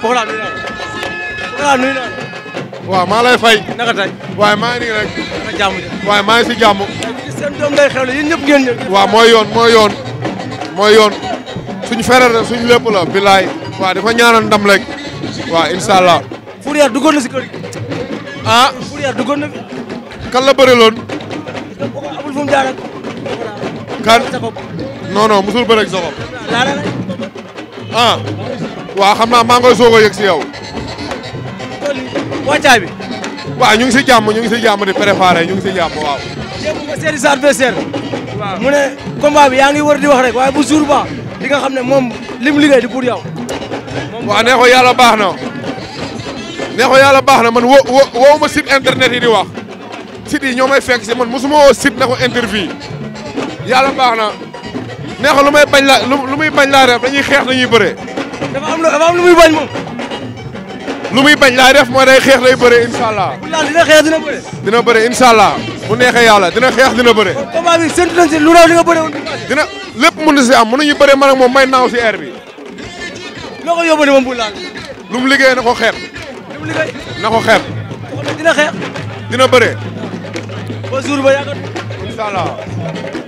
Pokola nuyu naa Pokola nuyu naa waaw maa lay fay. naka tey. waaye maa ngi nii rek. si jàmm. seen mooy yoon mooy yoon. mooy yoon suñu feral la bilaay. waaw dafa ñaanal ndam rek. waaw incha allah. Fourrière duggoon na si kër gi. Ah? kan la bëri loon. amul mu jaar kan non non waaw xam naa maa ngi koy yëg si yow. kon wàccaay bi. waaw ñu ngi si jàmm ñu ngi si jàmm di préparé ñu si jàmm waaw. jéem nga seeti sa adversaire. waaw mu ne combat yaa ngi war di wax waaye bu jour ba di nga xam ne moom lim liggéey di pour yow. waaw nee ko baax na. neexoo ko baax na man wo wo woo ma site internet yi di wax. site yi ñoo may fekk si man mosuma woo site ne ko interview yàlla baax na. nee ko lu may bañ la lu muy bañ laa def dañuy xeex dañuy bëree. dafa am lu dafa am muy bañ moom. lu muy bañ laay def mooy day xeex day bëre incha allah. dina xeex dina bëre. dina bëre incha allah bu neexee yàlla dina xeex dina bëre. kon si lu raw li nga bëre woon dina lépp si am mën nañu bëre man ak moom may naaw si bi. loo ko yóbbu moom bu laal. lu liggéey na ko xeex. lu na ko xeex. dina xeex. dina bëre. ba jour ba yàgg. incha allah.